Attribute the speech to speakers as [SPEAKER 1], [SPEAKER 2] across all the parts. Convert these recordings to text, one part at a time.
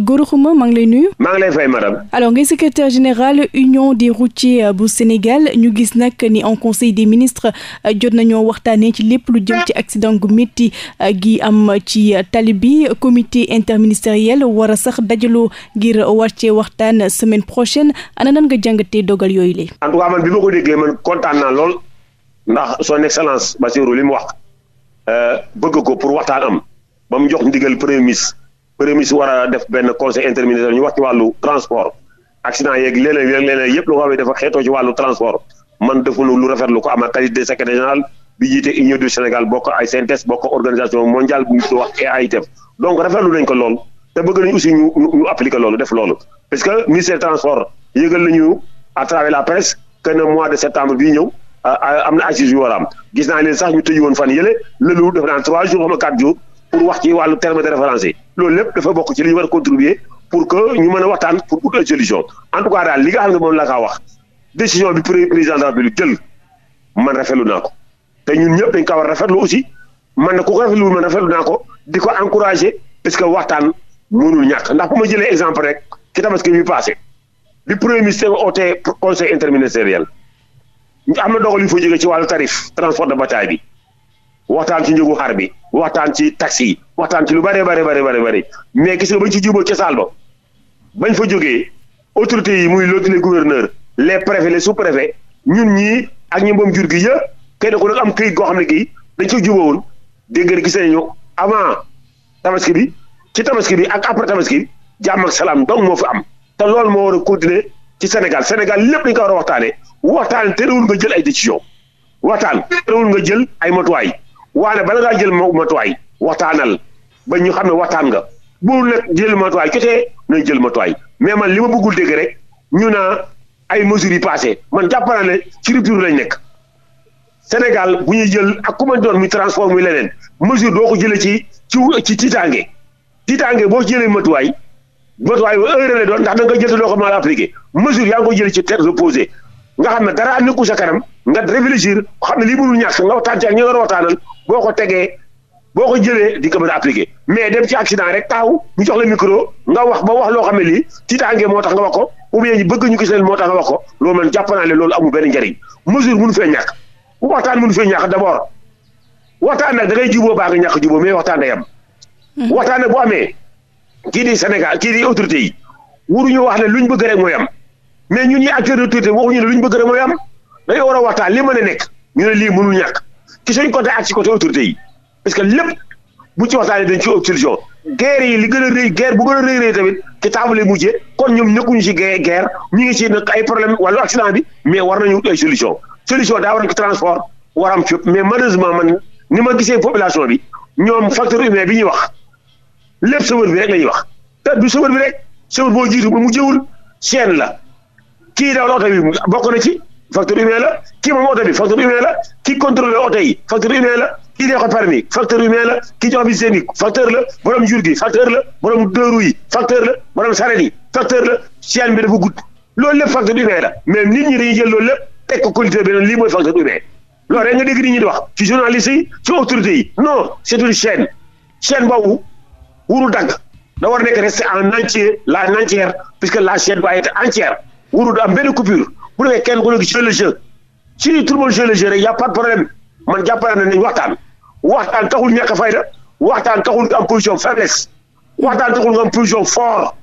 [SPEAKER 1] Gora Khouma maa ngi lay nuyu.
[SPEAKER 2] maa ngi lay fay madame.
[SPEAKER 1] alors ngay secrétaire général union des routiers euh, bu Sénégal ñu gis nag ni en conseil des ministres euh, jot nañoo waxtaanee ci lépp lu jëm ci accident gu métti euh, gi am ci tali bi comité interministériel war a sax dajaloo ngir war cee waxtaan semaine prochaine ana nan nga jàngatee dogal yooyu la.
[SPEAKER 2] en tout cas man bi ma ko déggee man kontaan lool ndax son excellence Bassirou li mu wax bëgg ko pour waxtaan am ba mu jox ndigal premier premier ministre war a def benn conseil interministériel ñu wax ci wàllu transport accident yeeg leneen leneen yëpp lu nga xam ne dafa ci wàllu transport man defuñu lu rafet lu ko ama qualité secrétaire général bi jiite Union du Sénégal bokk ay synthèse bokk organisation mondiale bu ñu wax AITF e donc rafetlu nañ ko lool te bëgg nañu aussi ñu ñu loolu def loolu parce que ministère transport yëgal nañu à travers la presse mois de septembre bii ñëw euh, a pour wax ci wàllu terme de référence yi loolu lépp dafa bokk ci li ñu war a contribuer pour que ñu mën a waxtaan pour ut ay en tout cas daal li nga xam ne la kaa wax décision bi président de la République jël man rafetlu naa ko te ñun ñëpp dañ ko war a rafetlu aussi man na ku ko rafetlu man rafetlu naa ko di ko encouragé parce que waxtaan mënul ñàkk ndax bu ma jëlee exemple rek ci tabaski bi passé bi premier ministre oote conseil interministériel am na do yu fa jógee ci wàllu tarif transport de bataille bi waxtaan ci njëgu xar bi waxtaan ci taxi waxtaan ci lu bëree bëri bëri bëri bëri mais gis nga bañ ci jubóo ca saal ba bañ fa jógee autorités yi muy lotile gouverneur les préfets les sous préfets ñun ñii ak ñi moom jur gi yëpp kenn ku nekk am këyit goo xam ne kii dañ ko jubóowul dégg nga gis nañu avant tabaski bi ci tabaski bi ak après tabaski bi jàmm ak salaam donc moo fi am te loolu moo war a continuer ci Sénégal Sénégal lépp dañ ko war a waxtaanee waxtaan terewul nga jël ay décision waxtaan terewul nga jël ay matuwaay. waane bala ngaa jël matuwaay waxtaanal ba ñu xam ne waxtaan nga bu nag jël matuwaay jotee nañ jël matuwaay mais man li ma bëggul dégg rek ñu na ay mesures yi passé man jàpp naa ci rupture lañ nekk Sénégal bu ñu jël ak ku ma doon muy transforme yi leneen mesure doo ko jëlee ci ci ci tiitaange tiitaange boo jëlee matuwaay matuwaay ba heure la doon ndax da jël te doo ko mën a appliqué mesure yaa ngi ko jëlee ci terre reposée nga xam ne dara nekkul sa kanam nga réfléchir lii mënul ñàkk nga waxtaan ci ak ñi nga boo ko tegee boo ko jëlee di ko mën a appliquer mais dem ci accident rek taaw ñu jox la micro nga wax ba wax loo xam ne lii tiitaange moo tax nga wax ko ou bien ñu bëgg ñu gis leen moo tax nga wax ko loolu man jàpp naa ne loolu amul benn njëriñ mesure mënu fee ñàkk waxtaan mënu fee ñàkk nag da ngay juboo baa nga ñàkk juboo mais waxtaan day am. Hmm. waxtaan nag bu amee kii di Sénégal kii di autorité yi waruñu wax ne luñ bëgg rek mooy am mais ñun ñii acteurs de autorité waxuñu ne luñ bëgg rek mooy am dañoo war a waxtaan li mën a nekk ñu ne lii mënul ñàkk ci suñ côté ak ci côté autorité yi parce que lépp bu ci waxtaanee dañ ci solution guerre yi li gën a rëy guerre bu gën a rëy rëy tamit ci table mujjee kon ñoom nekkuñu ci guerre ñu ngi ci nag ay problème wàllu accident bi mais war nañu ay solution solution daa war a ko transport war am mais malheureusement man ni ma gisee population bi ñoom facteur humain bi ñuy wax lépp chauffeur bi rek wax te du chauffeur bi rek chauffeur boo jiitu ba mu jëwul chaîne la kii daw la bokk na ci facteur humain la kii moom oto bi facteur humain la kii contrôlé oto yi facteur humain la kii joxe permis facteur humain la kii joxe visite bi facteur la borom jur gi facteur la borom dëru yi facteur la borom saret yi facteur la chaîne bi dafa gudd loolu lépp facteur humain la mais nit ñi dañuy jël loolu lépp teg ko culture na lii mooy facteur humain loolu rek nga dégg nit ñi di wax ci journaliste yi ci autorités yi non c'est une chaîne chaîne boobu wuru dagg da war nekk rester en bu demee kenn ku nekk jouer le jeu su ñuy a pas problème man jàpp naa ne nañ waxtaan waxtaan taxul ñàkk fayda waxtaan taxul nga am position faiblesse waxtaan taxul nga am position fort.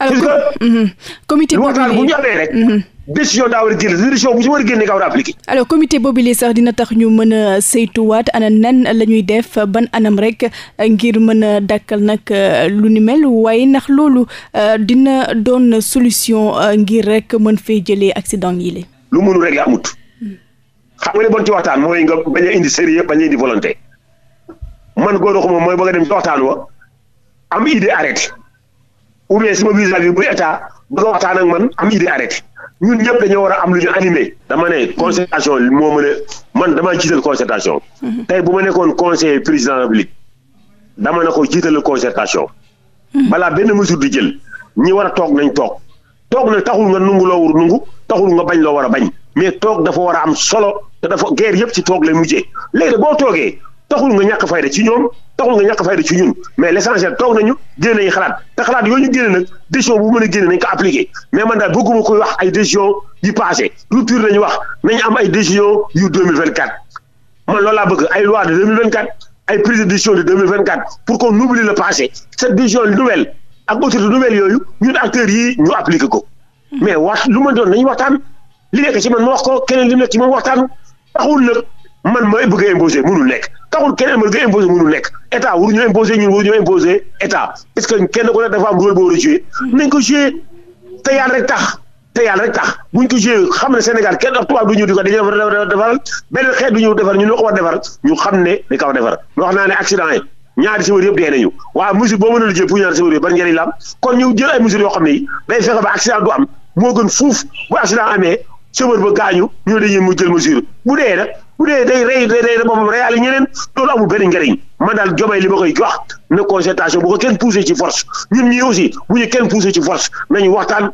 [SPEAKER 1] alors que mhm. comité boobu waxtaan bu ñu amee rek. Mhm. décision daa war a génn décision bu ci war a génne nga war a appliqué. alors comité boobule sax dina tax ñu mën a saytuwaat ana nan la ñuy def ban anam rek ngir mën a dàkkal nag euh, lu ni mel waaye ndax loolu euh, dina doon solution euh, ngir rek mën fee jëlee accident yi la.
[SPEAKER 2] lu mënul régler amut. xam nga ne boon ci waxtaan mooy nga bañ a indi sérieux bañ a indi volonté man góor waxuma mooy ba nga dem ci waxtaan wa am idée arrêté ou bien sama vis-à-vis bu état bëgg a ñun ñëpp dañoo war a am lu ñu animé dama ne concertation moo mën a man damaa jiital concertation mhm. tey bu ma nekkoon conseiller président république dama ne ko jiital concertation mhm. balaa benn mesure di jël ñi war a toog nañ toog toog na taxul nga nungu loo war nungu taxul nga bañ loo war a bañ mais toog dafa war a am solo te dafa guerre yëpp ci toog lay mujjee léegi boo toogee taxul nga ñàkk fayda ci ñoom taxul nga ñàkk fayda ci ñun mais l'essentiel toog nañu génne nañu xalaat te xalaat yooyu ñu génne nag décision bu mën a génne nañ ko appliqué mais man daal bëgguma wax ay décision yu passé rupture nañu am ay décision yu 2024 man loolu laa bëgg ay loi de 2024 ay prise de décision de 2024 pour qu'on oublie le passé cette décision nouvelle ak autorité nouvelle yooyu ñun acteurs yi ñu appliqué ko mais wax lu ma doon nañu waxtaan li nekk ci man ma wax ko keneen li nekk ci man waxtaan taxul nag man ma bëgg a imposer mënul nekk taxul keneen ma bëgg a imposer mënul nekk état waruñu imposer ñun waruñu imposer état parce que kenn ku nekk dafa am rôle boo war a jouer nañ ko jouer te yàlla rek tax te yàlla rek tax buñ ko xam ne Sénégal kenn ak tubaab du ñëw di ko dañuy defar benn xeet du ñëw defar xam ne dañ ko war defar loo xam naa ne accident yi ñaari chauffeur yëpp dee nañu waaw mesure boo mën a jël pour ñaari chauffeur yëpp ban njëriñ kon ñu jël ay mesures yoo xam ne yi day fexe ba accident du am moo gën fuuf bu accident amee chauffeur ba gaañu ñu dañuy mu jël mesure bu dee nag bu dee day rey day rey boppam reyaale ñeneen loolu amul benn njariñ man daal jomay li ma koy jox ne concertation bu ko kenn poussé ci force ñun ñii aussi bu ñu kenn poussé ci force nañu waxtaan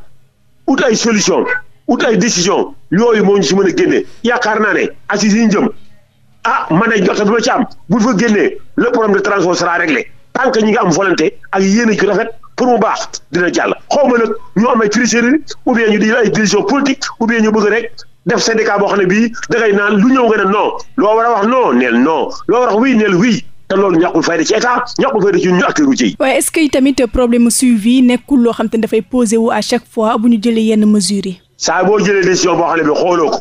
[SPEAKER 2] ut ay solution ut ay décision yooyu moo ñu si mën a génne yaakaar naa ne assises yi ñu jëm ah man ay joxe bi ma ci am bu fa génnee le problème de transport sera réglé tant que ñi nga am volonté ak yéene ju rafet pour mu baax dina jàll xaw ma nag ñu am ay tricherie ou bien ñu di ay décision politique ou bien ñu bëgg rek def syndicat boo xam ne bi dangay naan lu ñëw nga ne non loo war a wax non neel non loo war a wax oui neel oui. te loolu ñàkkul fayda ci état ñàkkul fayda ci ci
[SPEAKER 1] waaye tamit problème suivi nekkul loo xam te ne dafay posé bu ñu jëlee yenn mesures yi.
[SPEAKER 2] saa boo jëlee décision boo xam ne bi xooloo ko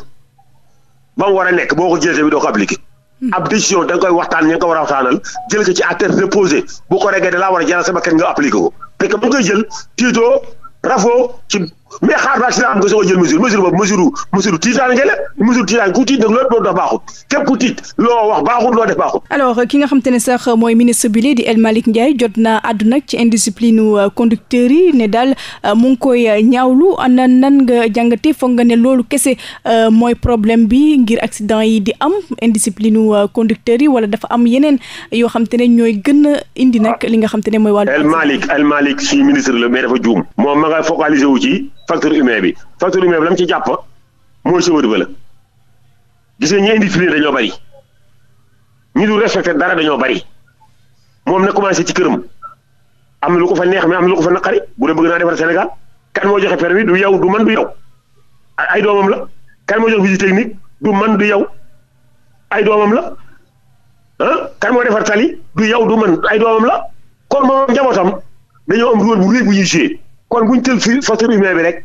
[SPEAKER 2] ba mu war a nekk boo ko jëlee tamit doo ko appliqué. Hmm. ab décision da waxtaan ña nga a waxtaanal jël ko ci à tête reposée bu ko a jaral sama fekk bu ñu koy jël tiitoo rafoo ci mais xaar ba accident am nga soo a jël mesure mesure boobu mesure mesure tiitaange la mesure tiitaange tiit nag loolu dafa wax baaxut
[SPEAKER 1] ki nga xam ne sax mooy ministre bi di El Malick Ndiaye jot na àdduna ci indiscipline euh, conducteurs yi ne daal euh, mu ngi koy euh, ñaawlu ana nan nga jàngatee foog nga ne loolu kese mooy problème bi ngir accident yi di am indiscipline conducteurs yi wala dafa am yeneen yoo xam te ne ñooy gën a indi nag ah. li nga xam te ne mooy wàllu. El Malick
[SPEAKER 2] El Malick suñu ministre la mais dafa juum. moom ma nga focaliser wu ci. facteur humain bi facteur humain bi la mu ci jàpp mooy chauffeur ba la gis nga ñi indi fii dañoo bari ñi du respecté dara dañoo bari moom na commencé ci këram am na lu ko fa neex mais am na lu ko fa naqari bu dee bëgg naa defar Sénégal kan moo joxe permis du yow du man du yow ay doomam la kan moo joxe visite technique du man du yow ay doomam la ah kan moo defar tali du yow du man ay doomam la kon moom njabootam dañoo am rôle bu rëy bu ñuy kon gu ñu tël fi facteur humain bi rek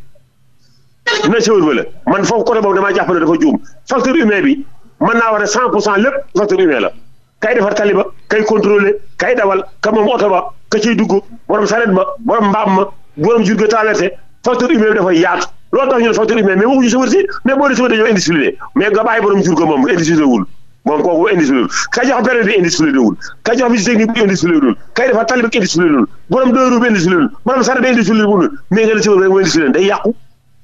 [SPEAKER 2] na chauffeur ba la man foofu côté boobu damaa jàpp ne dafa juum facteur humain bi mën naa war ne cent pour cent lépp facteur humain la kay defar tali ba kay contrôler kay dawal ka moom oto ba ka ciy dugg borom saret ba borom mbaam ma borom jur ga traversé facteur humain bi dafay yaatu loolu tax ñu ne facteur humain mais waxuñu chauffeur si mais boo moom indiscipliné wul moom kooku indiscipliné kay jox période bi indiscipliné wul kay jox visite technique bi indiscipliné wul kay defar tali bi indiscipliné wul borom dóoru bi indiscipliné wul borom sànni bi indiscipliné wul mais nga ne si rek mooy indiscipliné day yàqu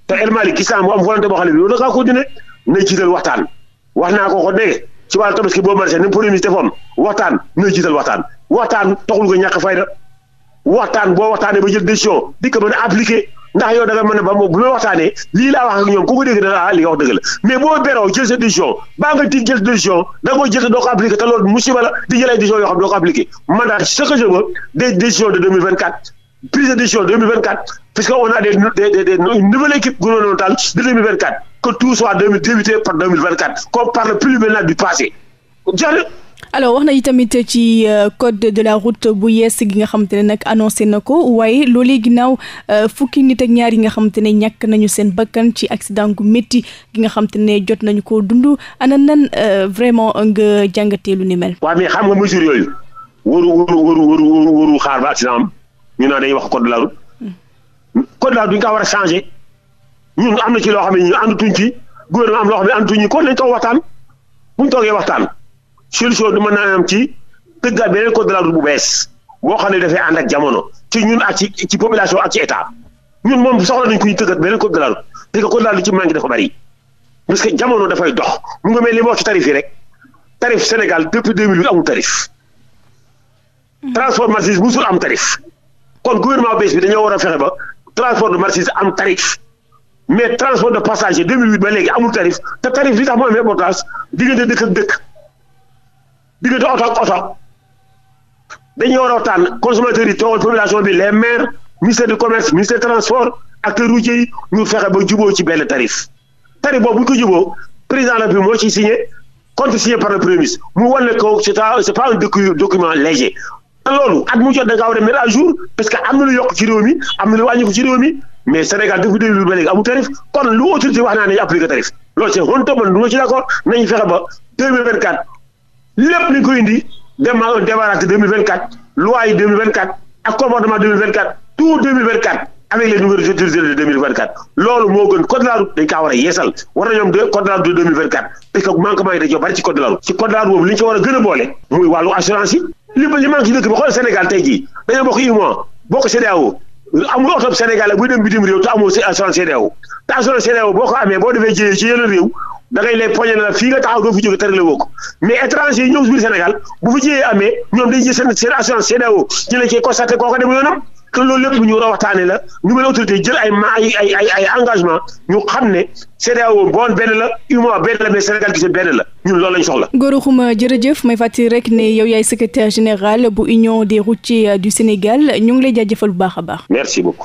[SPEAKER 2] te El Malick gis naa mu am boo xam ne bi loolu kaa ko dine na jiital waxtaan wax naa ko ko dégg ci wàllu boo marché ni premier ministre waxtaan waxtaan waxtaan taxul nga ñàkk fayda waxtaan boo waxtaanee ba jël décision di ko mën a appliqué ndax yow da nga ba moom bu ñu waxtaanee lii laa wax ko ah, dëgg la mais boo beroo jël sa décision baa nga di jël décision da jël doo ko appliqué loolu musiba di jël ay décision yoo xam doo ko appliqué man daal ce que je veux des de 2024 prise de décision 2024 puisque on a des des des une nouvelle équipe gouvernementale de 2024 que tout soit débuté par 2024 qu'on parle plus maintenant du passé
[SPEAKER 1] alo wax nañu tamit ci euh, code de la route bu yees gi nga xamante ne nag annoncé na ko waaye loolee ginnaaw euh, fukki nit ak ñaar yi nga xamante ne ñàkk nañu seen bakkan ci accident gu métti gi nga xamante ne jot nañu ko dund ana nan euh, vraiment nga jàngateelu lu ni mel. waaw mais xam nga mesure
[SPEAKER 2] yooyu waru waru waru waru xaar ba accident am ñu naan wax code de la route. Hmm. code war a changé ñun am na ci loo xam ne ñu àndatuñ ci gouvernement am loo xam ne àndatuñ ko nañ toog waxtaan buñ toogee waxtaan. solution du mën naa am ci tëggaat beneen code de la route bu bees boo xam ne dafay ànd ak jamono ci ñun ak ci ci population ak ci état ñun moom soxla nañ ku ñu tëggaat beneen code de la route parce que code de la route ci manqué dafa bari parce que jamono dafay dox mu nga mel li ma wax ci tarif yi rek tarif Sénégal depuis 2008 amul tarif. Hmm. transport marchandise musul am tarif. kon gouvernement bees bi dañoo war a fexe ba transport de marchandise am tarif mais transport de passager 2008 ba léegi amul tarif te tarif li tax mu am importance diggante dëkk ak dëkk. diggante oto ak oto dañuy war a waxtaan consommateur yi toogal population bi les maires ministère du commerce ministère transport acteurs routiers yi ñu fexe ba juboo ci benn tarif tarif boobu ñu ko juboo président la bi moo ciy signé contresigné par le premier ministre mu wan ne ko c'est pas un document léger loolu at mu jot da ngaa war a à jour parce que am na lu yokk ci réew mi am na lu wàññi ko ci réew mi mais Sénégal depuis deux mille ba léegi amul tarif kon lu autorité wax naa lépp ni ko indi dem à un démarrage deux mille vingt quatre loi deux mille vingt quatre ak comportement deux mille vingt quatre tout deux mille vingt quatre loolu moo gën code de dañ kaa war a yeesal war na ñoom code de la route de deux mille vingt quatre parce que manquement yi dañoo bari ci code de ci code de boobu li ñu war a gën a boole muy wàllu assurance yi li li manque ci bi xool Sénégal tey jii dañoo bokk UEMOA bokk CEDEAO amul oto Sénégal buy dem bitim réew te boo ko amee boo defee jëyee da ngay lay poñe na fii nga taxaw doo fi jóge terale woo ko mais étranger yi ñëw si Sénégal bu fi jiyee amee ñoom dañ jël seen assurance CEDEAO ci lañ koy constaté kooka dem yoonam te loolu lépp ñu war a waxtaane la ñu mel autorité jël ay ma ay engagement ñu xam ne CEDEAO bon benn la UMOA benn la mais Sénégal gise benn la ñun loolu lañ soxla
[SPEAKER 1] Gora Khouma jërëjëf may fàttali rek ne yow yaay secrétaire général bu union des routiers du Sénégal ñu ngi lay jaajëfal bu baax a baax merci beaucoup